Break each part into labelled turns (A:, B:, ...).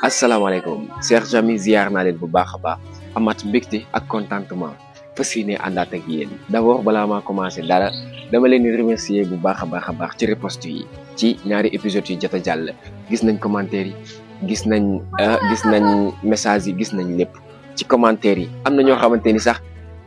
A: asalaamaaleykum chers amis ziar naa leen bu baax a baax amat mbégte ak contentement fas yéene àndaat ak yéen d' balaa maa commencé dara dama leen di bu baax a baax a baax ci riposte yi ci ñaari épisodes yi jot a jàll gis nañ commentaire yi gis nañ ah, gis nañ messages yi gis nañ lépp ci commentaire yi am na ñoo xamante ni sax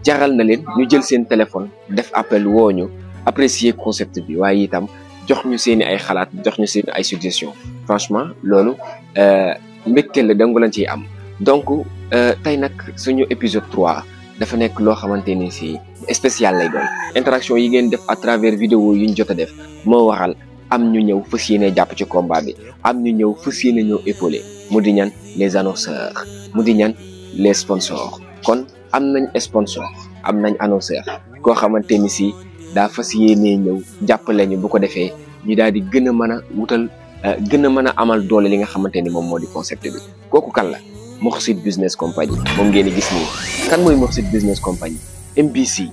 A: jaral na leen ñu jël seen téléphone def appel woo ñu apprécier concept bi waaye itam jox ñu seen i ay xalaat jox ñu seen ay suggestion franchement loolu euh, mbégteel la dangu lañ ciy am donc euh, tey nag suñu épisode 3 dafa nekk loo xamante ni si spécial lay doon interaction yi ngeen def à travers vidéo yi ñu jot a def moo waral am ñu ñëw fas yéene jàpp ci combat bi am ñu ñëw fas yéene ñëw épaulé mu di ñan les annonceurs mu di ñan les sponsors kon am nañ sponsor am nañ annonceur koo xamante ni si daa fas yéene ñëw jàppale ñu bu ko defee ñu daal di gën a mën a wutal Euh, gën a amal doole li nga xamante ni moom moo concept bi kan la Business Company moom ngeen gis nii kan mooy Mourchid Business Company MBC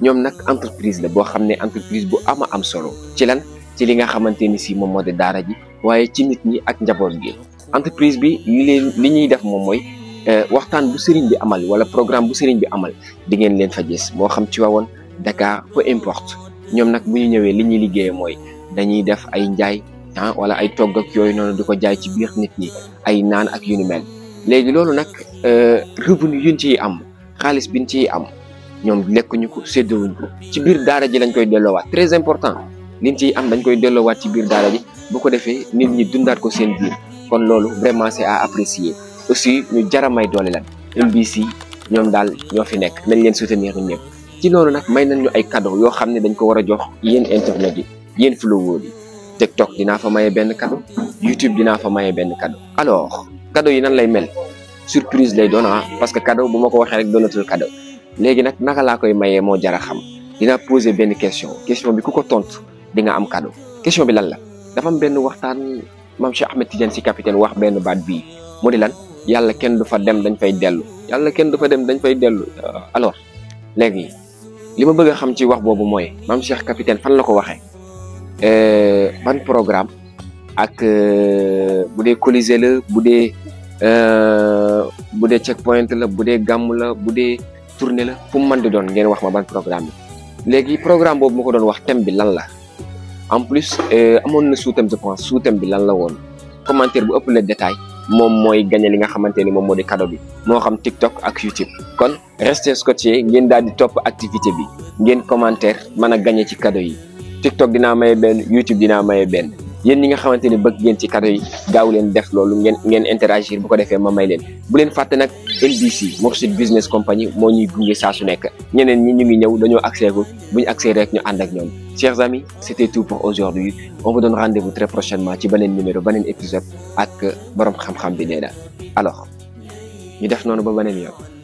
A: ñoom nak entreprise la boo xam entreprise bu ama am solo ci lan ci li nga xamante si moom moo di daara ji waaye ci nit ñi ak njaboot gi entreprise bi li ñuy def euh, waxtaan bu bi amal wala programme bu bi amal di ngeen leen fa gis moo xam ci Dakar peu importe ñoom nag bu ñu ñëwee li ñuy liggéeyee mooy dañuy def ay njaay ah wala ay togg ak yooyu noonu di ko jaay ci biir nit ñi ay naan ak yu ni mel léegi loolu nag euh, revenu yuñ ciy am xaalis biñ ciy am ñoom lekkuñu ko séddewuñ ko ci biir daara ji lañ koy delloowaat très important liñ ciy am dañ koy delloowaat ci biir daara ji bu ko defee nit ñi dundaat ko seen biir kon loolu vraiment c'est à apprécier aussi ñu jara may doole lan MBC ñoom daal ñoo fi nekk nañ leen soutenir ñëpp ci loolu nag may nañ ñu ay cadeau yoo xam ne dañ ko war a jox yéen internet yi yéen followers yi TikTok dina fa cadeau YouTube dina fa maye ben cadeau alors cadeau yi nan lay mel surprise lay don ah, parce que cadeau bu ko rek cadeau légui nak naka la koy mo y xam poser une question question bi kuko tontu di nga am cadeau question bi lan la dafa am Cheikh Ahmed Tidiane capitaine wax lan yalla ken du fa dem dañ fay delu yalla ken du dem dañ fay euh, alors légui lima xam ci wax bobu capitaine fan la ko ban programme ak euh, bu dee Colisée la bu dee euh, bu dee checkpoint la bu dee gàmm la bu dee tournée la fu mu mën di doon ngeen wax ma ban programme bi léegi programme boobu moo ko doon wax thème bi lan la en plus euh, amoon na sous-thème je pense sous bi lan la woon commentaire bu ëpp le détail moom mooy gagné li nga xamante ni moom moo di cadeau bi moo xam TikTok ak YouTube kon restez scotché ngeen daal di topp activité bi ngeen commentaire mën a gañe ci cadeau yi TikTok dina maye ben, YouTube dina maye ben. yéen ñi nga xamanteni bëgg ngeen ci cadeau yi gaaw leen def loolu ngeen ngeen interagir bu ko defee ma may leen bu leen fàtte nag NBC Mourchid Business Company moo ñuy gunge saa su nekk ñeneen ñi ñu ngi ñëw dañoo accès ko bu ñu accès rek ñu ànd ak ñoom chers amis c'était tout pour aujourd'hui on vous donne rendez-vous très prochainement ci beneen numéro beneen épisode ak borom xam-xam bi nee na alors ñu def noonu ba beneen yoon